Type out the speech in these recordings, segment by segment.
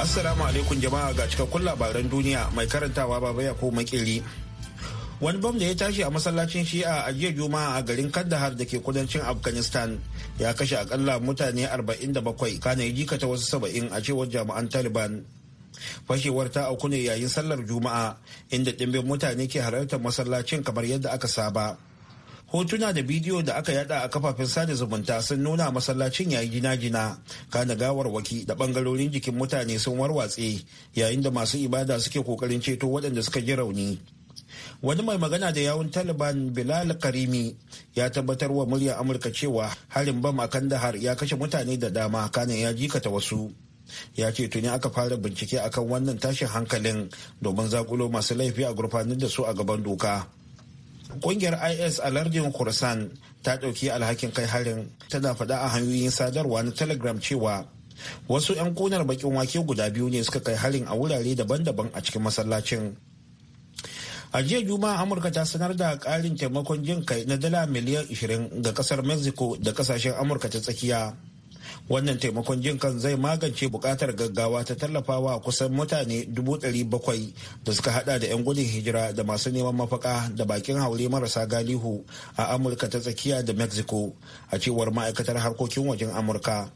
Assalamu alaikum jama'a ga cikakkun labaran duniya mai karantawa baba ya ko makeri. Wani bam da ya tashi a masallacin shi'a a jiya juma'a a garin Kandahar da ke kudancin Afghanistan ya kashe akalla mutane 47 kana ya jikata wasu 70 a cewar jami'an Taliban. Fashewar ta auku ne yayin sallar juma'a inda ɗimbin mutane ke halartar masallacin kamar yadda aka saba. hotuna da bidiyo da aka yada a kafafen sada zumunta sun nuna masallacin yayi gina-gina kana waki da bangarorin jikin mutane sun warwatse yayin da masu ibada suke kokarin ceto waɗanda suka ji rauni wani mai magana da yawun taliban bilal karimi ya tabbatar wa muryar amurka cewa harin bam a kandahar ya kashe mutane da dama kanan ya jikata wasu ya ce tuni aka fara bincike akan wannan tashin hankalin domin zakulo masu laifi a gurfanar da su a gaban doka Kungiyar IS a lardin Khorasan ta dauki alhakin kai harin tana faɗa a hanyoyin sadarwa na Telegram cewa wasu 'yan kunar bakin wake guda biyu ne suka kai harin a wurare daban-daban a cikin masallacin. a jiya juma'a amurka ta sanar da karin taimakon jin kai na dala miliyan 20 ga kasar mexico da kasashen amurka ta tsakiya wannan taimakon jin kan zai magance bukatar gaggawa ta tallafawa kusan mutane 700,000 da suka hada da 'yan gudun hijira da masu neman mafaka da bakin haure marasa galihu a amurka ta tsakiya da mexico a cewar ma'aikatar harkokin wajen amurka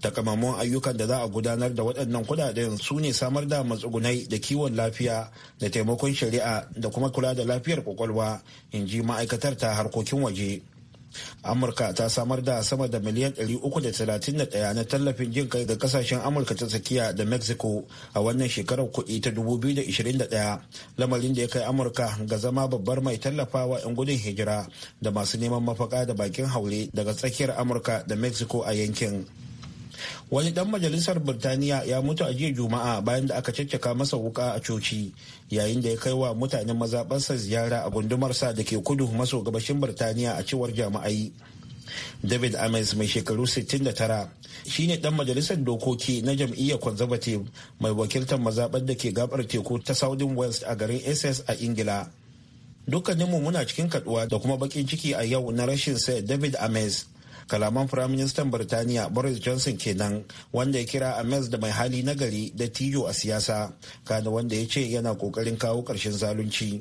takamaman ayyukan da za a gudanar da waɗannan kudaden su ne samar da matsugunai da kiwon lafiya da taimakon shari'a da kuma kula da lafiyar kwakwalwa in ji ma'aikatar ta harkokin waje amurka ta samar da sama da miliyan 331 na tallafin jin kai ga kasashen amurka ta tsakiya da mexico a wannan shekarar kuɗi ta 2021 lamarin da ya kai amurka ga zama babbar mai tallafawa 'yan gudun hijira da masu neman mafaka da bakin haure daga tsakiyar amurka da mexico a yankin wani dan majalisar birtaniya ya mutu a jiya juma'a bayan da aka caccaka masa wuka a coci yayin da ya kai wa mutanen mazaɓarsa ziyara a gundumarsa da ke kudu maso gabashin birtaniya a cewar jama'ai. david ames mai shekaru 69 ne dan majalisar dokoki na jam'iyyar conservative mai wakiltar mazaɓar da ke gabar teku ta southern west a garin ss a ingila dukkaninmu muna cikin kaduwa da kuma bakin ciki a yau na rashin sai david ames kalaman firaministan birtaniya boris johnson kenan wanda ya kira ames da mai hali nagari da tiyo a siyasa kada wanda ya ce yana kokarin kawo karshen zalunci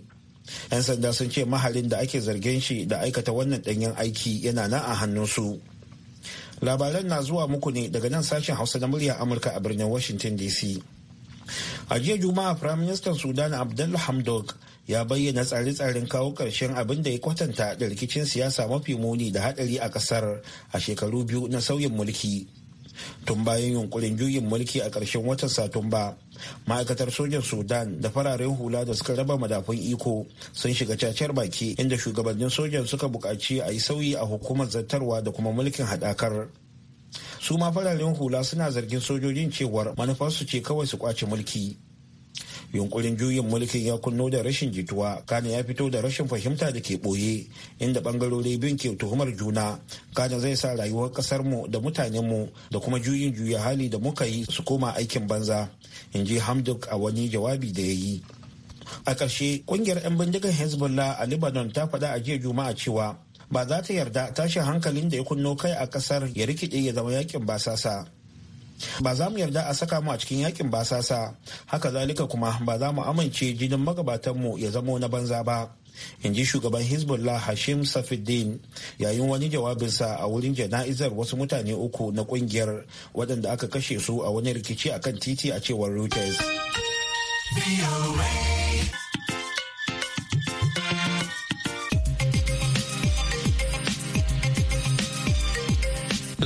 'yan sanda sun ce mahalin da ake zargin shi da aikata wannan danyen aiki yana nan a hannunsu labaran na zuwa muku ne daga nan sashen hausa na murya amurka a birnin washington dc a jiya juma'a firaministan sudan abdul hamdok ya bayyana tsare-tsaren kawo ƙarshen abin da ya kwatanta da rikicin siyasa mafi muni da haɗari a ƙasar a shekaru biyu na sauyin mulki. Tun bayan yunkurin juyin mulki a ƙarshen watan Satumba, ma'aikatar sojan Sudan da fararen hula da suka raba madafun iko sun shiga cacar baki inda shugabannin sojan suka buƙaci a yi sauyi a hukumar zartarwa da kuma mulkin haɗakar. Su ma fararen hula suna zargin sojojin cewar manufarsu ce kawai su kwace mulki. yunkurin juyin mulkin ya kunno da rashin jituwa kana ya fito da rashin fahimta da ke ɓoye inda ɓangarori biyun ke tuhumar juna kana zai sa rayuwar ƙasarmu da mutanen mu da kuma juyin juya hali da muka yi su koma aikin banza in ji hamduk a wani jawabi da ya yi a ƙarshe ƙungiyar 'yan bindigar hezbollah a lebanon ta faɗa a jiya juma'a cewa ba za ta yarda tashin hankalin da ya kunno kai a ƙasar ya rikide ya zama yakin basasa ba za mu yarda a saka mu a cikin yakin basasa haka zalika kuma ba za mu amince jinin magabatanmu ya zamo na banza ba in ji shugaban hezbollah hashim safiddin yayin wani jawabinsa a wurin jana'izar wasu mutane uku na kungiyar waɗanda aka kashe su a wani rikici akan titi a cewar reuters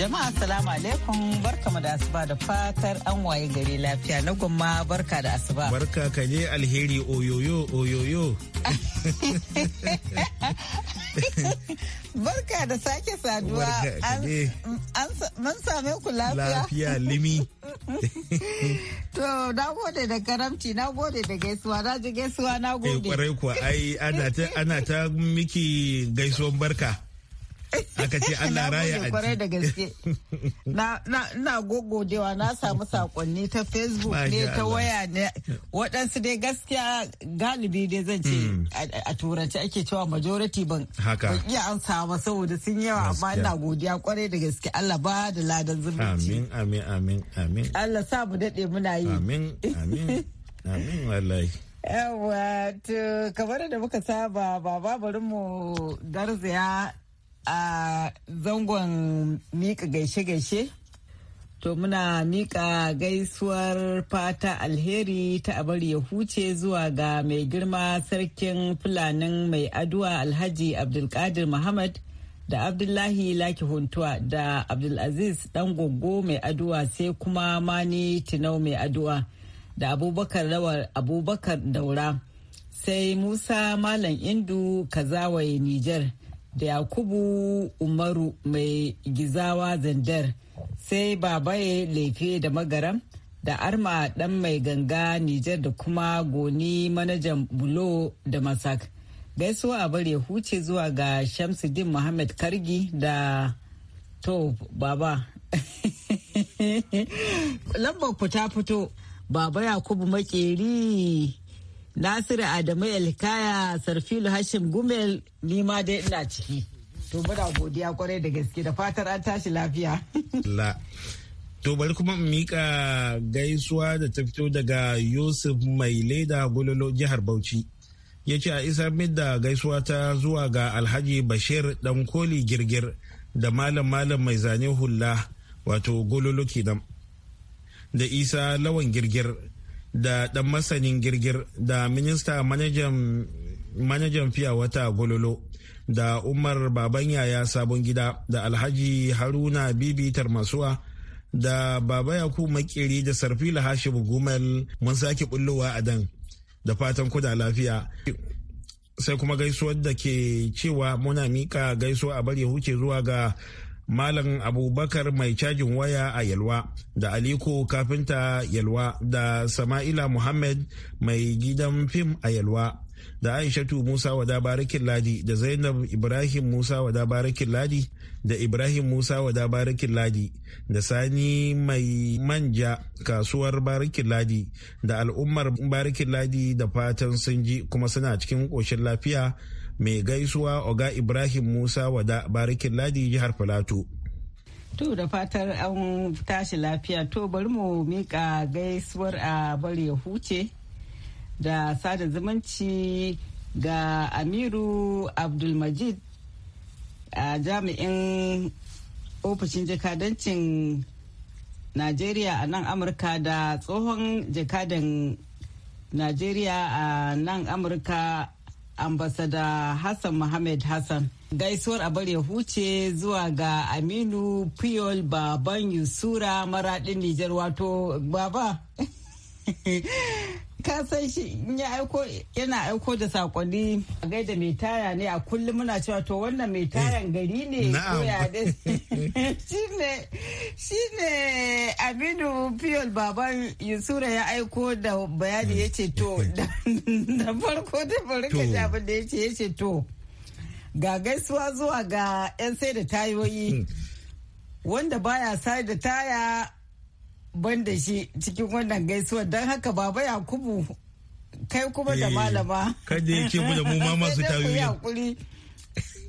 Jama'a salamu alaikum barkamu da asuba da fatar an waye gari lafiya na gumma barka da asuba. Barka ka je alheri oyoyo oyoyo. barka da sake saduwa mun same ku lafiya. Lafiya limi. To na gode da karamci na gode da gaisuwa na ji gaisuwa na eh, gode. kwarai kuwa ai ana ta miki gaisuwan barka. aka ce Allah raya a kwarai da gaske na gogodewa na samu sakonni ta facebook ne ta waya ne waɗansu dai gaskiya galibi dai zan ce hmm. a turanci ake cewa majority ban iya an samu saboda sun yawa amma ina godiya kwarai da gaske Allah ba da ladan zumunci amin amin amin Allah sa mu daɗe muna yi amin amin amin wallahi yawa to kamar da muka saba baba bari mu garzaya a zangon mika gaishe-gaishe to muna mika gaisuwar fata alheri ta abar ya huce zuwa ga mai girma sarkin fulanin mai aduwa alhaji abdulkadir muhammad da abdullahi laki huntuwa da abdulaziz dan goggo mai aduwa sai kuma mani tinau mai aduwa da abubakar rawar abubakar daura sai musa malam indu kazawai nijar da yakubu umaru mai gizawa zandar sai babaye laife da magaram da arma dan mai ganga nijar da kuma goni manajan bulo da masak gaisuwa a bare huce zuwa ga shamsuddin muhammad kargi da to baba lambar fita fito baba yakubu makeri Nasiru Adamu Elkaya Sarfilu Hashim Gumel nima dai ina ciki. To muna godiya kwarai da gaske da fatar an tashi lafiya. La. To bari kuma in mika gaisuwa da ta fito daga Yusuf Mai Leda Gololo jihar Bauchi. Ya ce a isa da gaisuwa ta zuwa ga Alhaji Bashir Dankoli Girgir da Malam Malam Mai Zane Hula wato Gololo kenan. Da Isa Lawan Girgir da dan masanin girgir da minista manajan fiya wata gololo da umar baban yaya sabon gida da alhaji haruna bibi tarmasuwa da baba yaku makiri da sarfila lahashi gumal mun sake bullowa a dan da fatan kuda lafiya sai kuma gaisuwar da ke cewa muna mika gaisuwa a bari huce zuwa ga Malam Abubakar mai cajin waya a Yalwa da Aliko kafinta Yalwa da Sama'ila Muhammad mai gidan fim a Yalwa da Aishatu Musa wada Dabarikin ladi da Zainab Ibrahim Musa wada Dabarikin ladi da Ibrahim Musa wada Dabarikin ladi da Sani mai manja kasuwar barikin ladi da al'ummar barikin ladi da fatan sun ji kuma suna cikin ƙoshin lafiya mai gaisuwa oga ibrahim musa wada barikin ladi jihar filato To da fatar an tashi lafiya to bari mu mika gaisuwar a bari ya huce da sada zumunci ga Amiru Abdulmajid a jami'in ofishin jakadancin Najeriya a nan Amurka da tsohon jakadan Najeriya a nan Amurka ambasada Hassan Mohammed Hassan. Gaisuwar abar ya huce zuwa ga Aminu Piyol Baban Yusura maraɗin Nijar wato baba. ka san shi in ya aiko yana aiko da sakonni a gaida mai taya ne a kullum muna cewa to wannan mai eh, tayan gari ne koya ne shine Aminu Fiyol baban Yusura ya aiko da bayani yace to da farko da farko da abin da yace yace to ga gaisuwa zuwa ga 'yan sai da tayoyi wanda baya sai da taya banda shi cikin wannan gaisuwa don haka baba yakubu kai kuma da eh, malama kada ya ce mu da mu ma masu tayoyi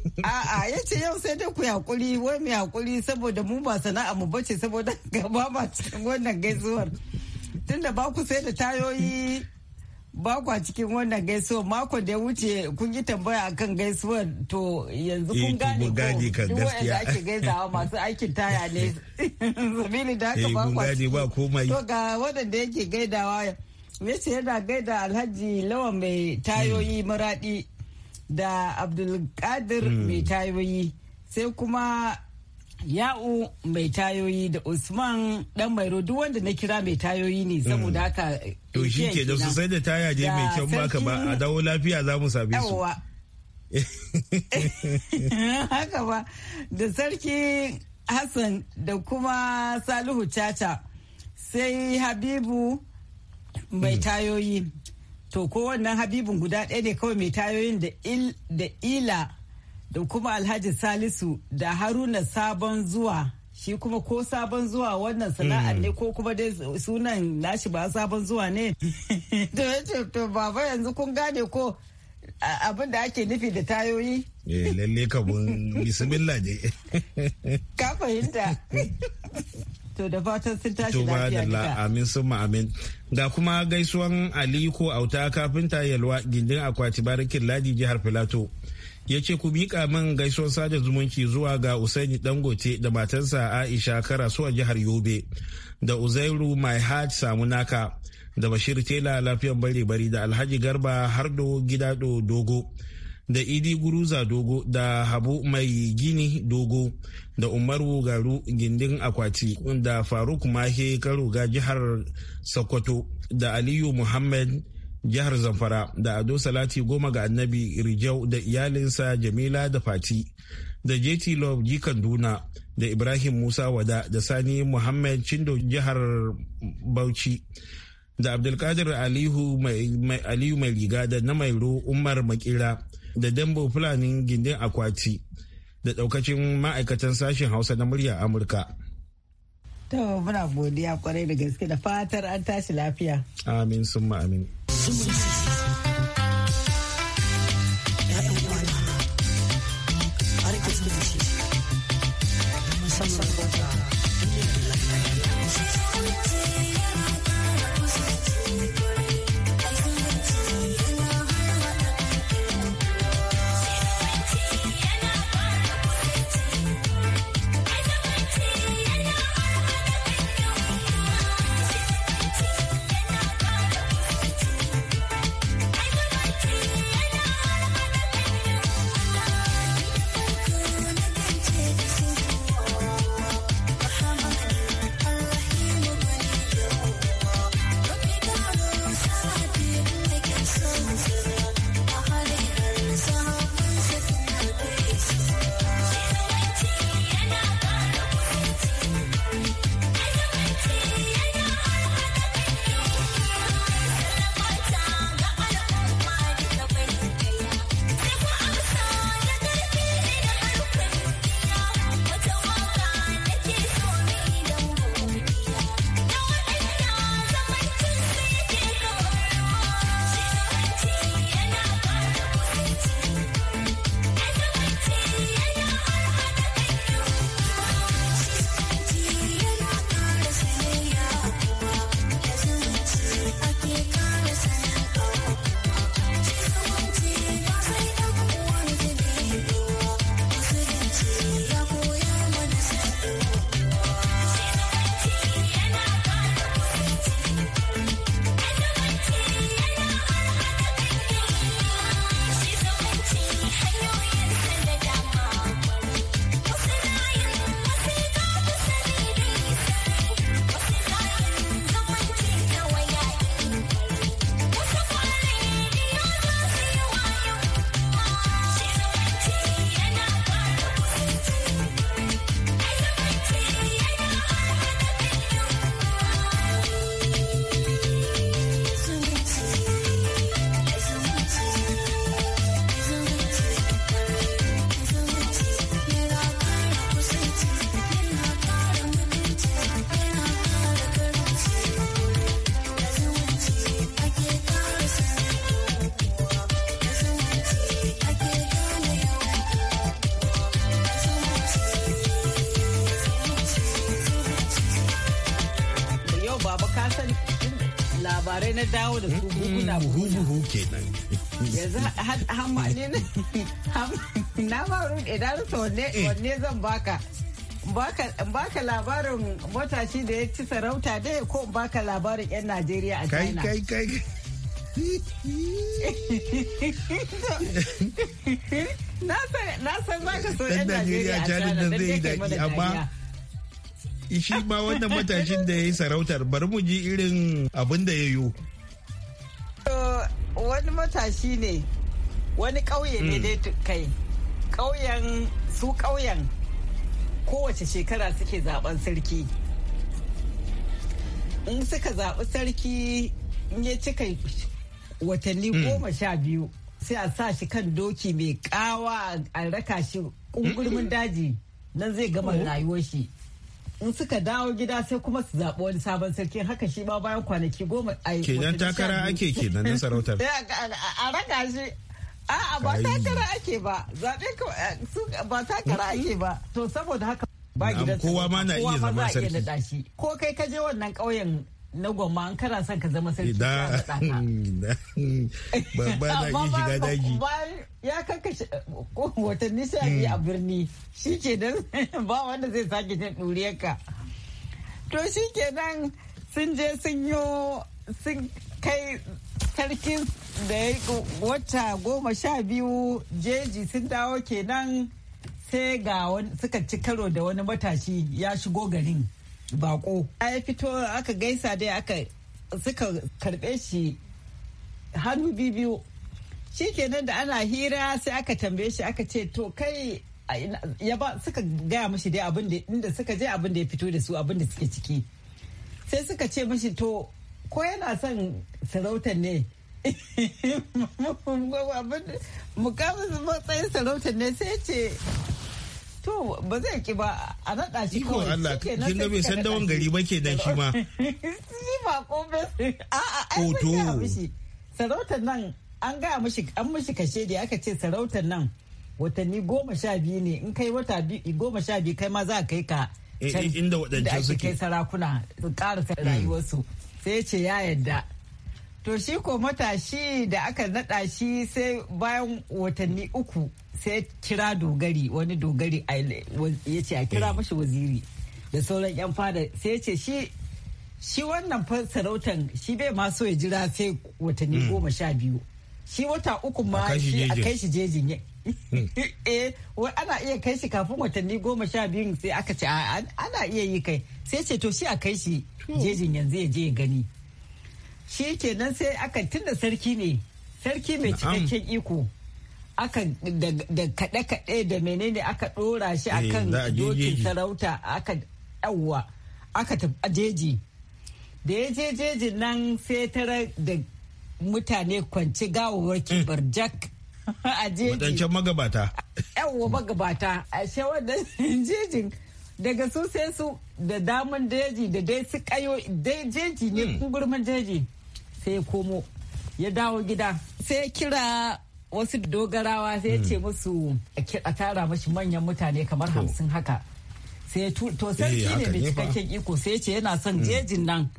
A'a ya ce yau sai dai ku yakuri wai mu yakuri saboda mu ba sana'a mu bace saboda gaba ba cikin wannan gaisuwar. Tunda ba ku sai da tayoyi ba kwa cikin wannan gaisuwa mako da ya wuce kun yi tambaya akan gaisuwar to yanzu kun eh, gane ko gaskiya ake gaisawa masu aikin taya ne sabili da haka eh, ba kwa cikin to ga waɗanda yake gaidawa ya ce yana gaida alhaji lawa mai tayoyi hmm. maradi da abdulkadir hmm. mai tayoyi sai kuma ya'u mai tayoyi da usman dan mairo duk wanda na kira mai tayoyi ne mm. saboda haka to shi ke da su sai da taya je mai kyau baka ba a dawo lafiya za mu same su haka ba da sarki hassan da kuma salihu chacha sai habibu mai mm. tayoyi to ko wannan habibun guda ɗaya ne kawai mai tayoyin da ila da kuma alhaji salisu da haruna sabon zuwa shi kuma ko sabon zuwa wannan sana'ar ne mm. ko kuma dai sunan nashi ba sabon zuwa ne to yace to baba yanzu kun gane ko abin da ake nufi da tayoyi eh lalle bun bismillah ne ka fahimta to da fatan sun tashi lafiya gida amin sun amin da kuma gaisuwan aliko auta kafinta yalwa gindin akwati barikin ladi jihar filato ya ce ku miƙa min gaisuwar sada zumunci zuwa ga usaini dangote da matansa aisha karasuwan jihar yobe da uzairu my heart samu naka da bashir tela lafiyan bare bari da alhaji garba hardo gidado dogo da idi guruza dogo da habu mai gini dogo da umaru garu gindin akwati da faruk mahe ga jihar sokoto da aliyu muhammad jihar zamfara da ado salati goma ga annabi rijau da iyalinsa jamila da fati da jt love jikan duna da ibrahim musa wada da sani muhammad cindo jihar bauchi da abdulkadir aliyu mai riga da na mairo umar makira da dambo fulanin gindin akwati da daukacin ma'aikatan sashen hausa na murya amurka to muna godiya kwarai da gaske da fatar an tashi lafiya amin sun amin sifili na dawo da su buhuna buhu mm, kenan yanzu hamma ne na ma rude na rasa eh. wanne zan baka baka labarin matashi da ya ci sarauta dai ko baka labarin 'yan Najeriya a China. Kai kai kai. Na san za ka so 'yan Najeriya a China da zai kai mana shi ma wannan matashin da ya yi sarautar bari mu ji irin abin da ya yi wani matashi ne wani ƙauye ne hmm. dai kai ƙauyen su ƙauyen kowace shekara suke zaben sarki in suka zaɓi sarki in ya cika watanni hmm. goma sha biyu sai a sa shi kan doki mai kawa a raka shi ƙungurmin hmm. daji nan zai gama oh. rayuwar shi in suka dawo gida sai kuma su zaɓi wani sabon sarki haka shi ba bayan kwanaki goma a yi kenan takara ake kenan na sarautar a raka shi a'a ba takara ake ba zaɓe eh, ba takara ake ba to saboda haka ba gidan kowa ma na iya zama sarki ko kai ka je wannan ƙauyen na gwamma an kana son ka zama sarki da ba ba da ki shiga daji ya kakashe watanni sai biyu a hmm. birni shi ke nan ba wanda zai sake jin ɗuriyar ka to shi ke nan sun je sun yi sun kai sarki da ya wata goma sha biyu jeji sun dawo kenan sai ga suka ci karo da wani matashi ya shigo garin bako ya fito aka gaisa dai aka suka karbe shi hannu biyu shi kenan da ana hira sai aka tambaye shi aka ce to kai ya ba suka gaya mashi dai abin da inda suka je abin da ya fito da su abin da suke ciki sai suka ce mashi to ko yana son sarautar ne mukamin matsayin sarautar ne sai ce to ba zai ki ba a naɗa shi ko Allah kin ga bai san dawon gari ba ke dan shi ma shi ba ko ba a a ai mishi sarautar nan an ga mishi an mishi kashe da aka ce sarautar nan watanni goma sha biyu ne in kai wata goma sha biyu kai ma za a kai ka eh, eh, inda waɗancan suke kai sarakuna su ƙara hmm. rayuwarsu sai ce ya yadda to shi ko matashi da aka naɗa shi sai bayan watanni uku sai kira dogari wani dogari ya ce a kira eh. mashi waziri da sauran yan fada sai ce shi shi wannan sarautan shi bai ma so ya jira sai watanni hmm. goma sha biyu shi wata uku ma shi a kai shi jejin hmm. eh e ana iya kai shi kafin watanni goma sha biyu sai aka ce ana iya yi kai sai ce to shi a kai shi jejin yanzu ya je ya gani shi kenan sai aka tunda sarki ne sarki mai cikakken iko aka da kaɗe-kaɗe da menene aka ɗora shi eh, akan dokin sarauta aka yawwa aka tafi jeji da ya je jeji nan sai tara da mutane kwanci gawawarki mm. barjak a jeji wadancan magabata yawwa magabata a wannan jejin daga su sai su da damun jeji da dai su kayo dai jeji ne kungurman mm. jeji sai ya komo ya dawo gida sai kira wasu dogarawa sai ce hmm. musu a tara mashi manyan mutane kamar hamsin haka sai to eh, sarki ne mai cikakken iko sai ce yana son hmm. jejin nan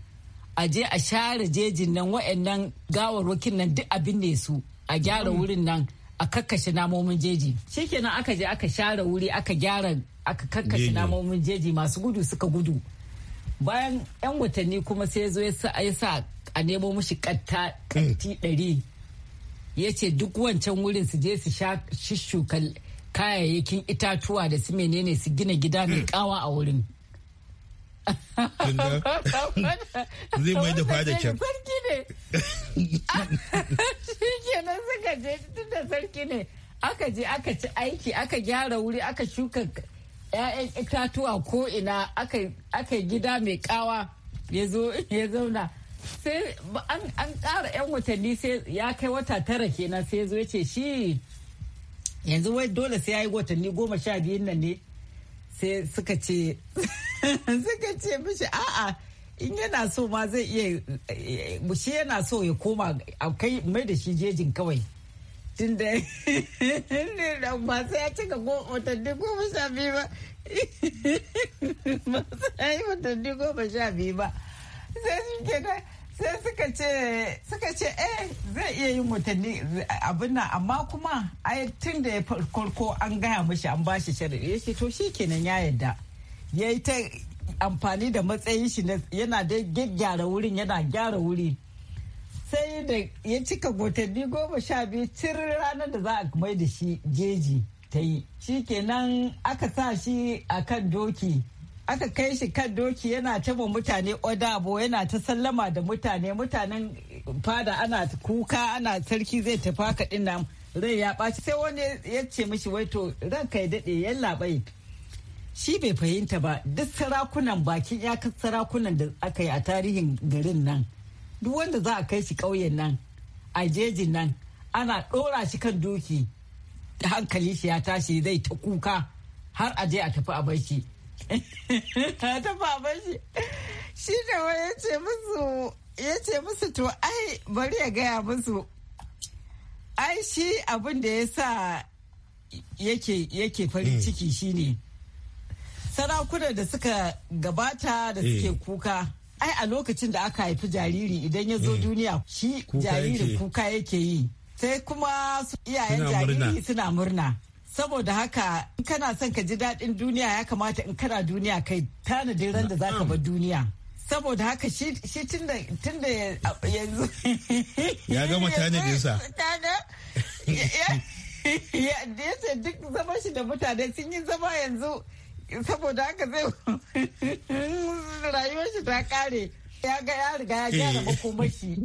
a je a share jejin nan wa'annan gawarwakin nan duk abin ne su a gyara hmm. wurin nan a kakkashe namomin jeji shikenan aka je aka share wuri aka gyara aka kakkashe namomin jeji masu gudu suka gudu bayan yan watanni kuma sai zo ya sa a nemo mushi katta kanti eh. ɗari ya ce duk wancan wurin su je su shuka kayayyakin itatuwa da su menene su gina gida mai hmm. kawa a wurin zai mai da fada kyan sarki ne shi kenan suka je tun da sarki ne aka je aka ci aiki aka gyara wuri aka shuka 'ya'yan itatuwa ko ina aka gida mai kawa ya zauna sai an ƙara 'yan watanni sai ya kai wata tara kenan sai zo ce shi yanzu wai dole sai ya yi watanni goma sha biyun nan ne sai suka ce suka ce mishi a'a in yana so ma zai iya eh, shi yana so ya koma a kai mai da shi jejin kawai tun da ba sai ya cika watanni goma sha biyu ba ba ya yi watanni goma sha biyu ba sai sai suka ce suka ce eh zai iya yin watanni abin nan amma kuma ai tun da ya farko an gaya mashi an bashi sharaɗi ya ce to shi kenan ya yarda ya yi ta amfani da matsayin shi yana da gyara wurin yana gyara wuri sai da ya cika watanni goma sha biyu cin ranar da za a mai da shi jeji ta yi shi kenan aka sa shi a kan doki aka kai shi kan doki yana ta mutane odabo yana ta sallama da mutane mutanen fada ana kuka ana sarki zai tafi haka din rai ya ɓaci sai wani ya ce mishi wai to ranka ya daɗe yan labai shi bai fahimta ba duk sarakunan bakin iyakar sarakunan da aka yi a tarihin garin nan duk wanda za a kai shi ƙauyen nan a jejin nan ana ɗora shi kan doki hankali shi ya tashi zai ta kuka har a je a tafi a barci ta baban shi shi da wani ya ce musu ya ce musu to ai bari ya gaya musu ai shi abin da ya sa yake farin mm. ciki shine sarakuna da suka gabata da mm. suke kuka ai a lokacin da aka haifi jariri idan ya zo mm. duniya shi jariri kuka yake yi sai kuma iyayen jariri suna murna saboda haka in kana son ka ji daɗin duniya ya kamata in kana duniya kai tanadin ran da za ka bar duniya saboda haka shi tun da yanzu ya gama tanadinsa ya ce duk zama shi da mutane sun yi zama yanzu saboda haka zai rayuwar shi ta kare ya ga ya riga ya gyara eh. makomashi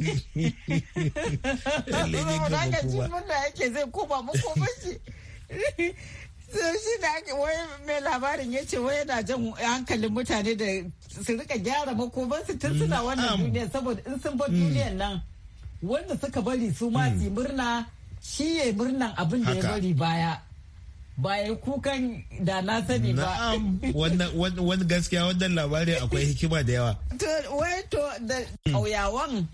saboda haka shi da yake zai koma makomashi sai shi da ake wai mai labarin ya ce wai yana jan hankalin mutane da su rika gyara makoban su tun suna mm. wannan duniya saboda in sun bar mm. duniyan nan wanda suka bari su ma mm. su murna shi ya murnan abin da ya bari baya baya kukan da na sani ba wani gaskiya wannan labarin akwai hikima da yawa to wai to da kauyawan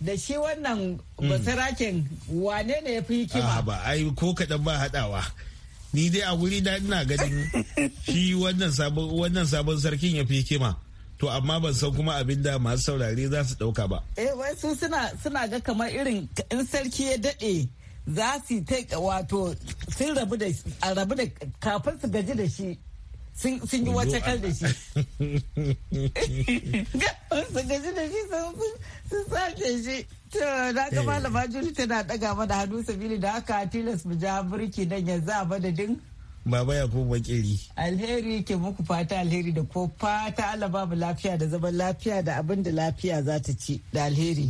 da shi wannan hmm. basirakin wane ne ya fi hikima ba ai ko kaɗan ba haɗawa ni dai a wuri na ina ganin shi wannan sabon sarkin ya fi hikima to amma ban san kuma abin da masu saurare za su ɗauka ba eh wai suna ga kamar irin in sarki ya daɗe za su yi ta wato sun rabu da kafin su gaji da shi sun yi wata kal da shi sun gaji da shi sun sace shi na ga eh. malama juli tana daga mana hannu sabili da aka tilas mu ja birki dan yanzu a madadin Baba ya ko bakiri. Alheri ke muku fata alheri da ko fata Allah babu lafiya da zaman lafiya da abin da lafiya za ta ci da alheri.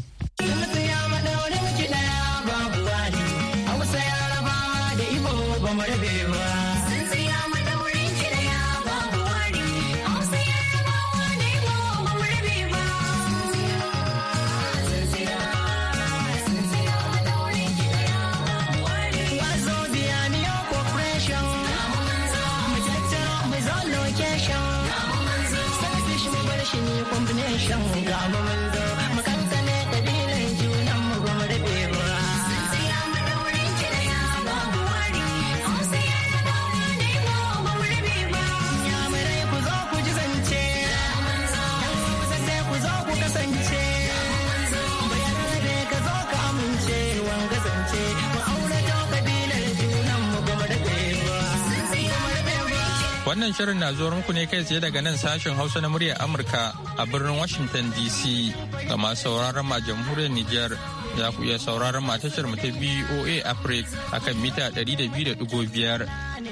Wannan shirin na zuwa muku ne kai tsaye daga nan sashen Hausa na muryar Amurka a birnin Washington DC ga masu sauraron ma jamhuriyar Nijar. Za ku iya sauraron ma tashar mu ta BOA Africa a kan mita 200.5.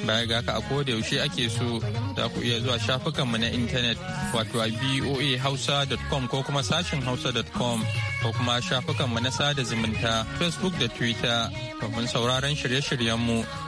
Baya ga haka a koda yaushe ake so za ku iya zuwa shafukanmu na intanet wato a hausa.com ko kuma sashen hausa.com ko kuma shafukanmu na sada zumunta Facebook da Twitter domin sauraron shirye-shiryenmu.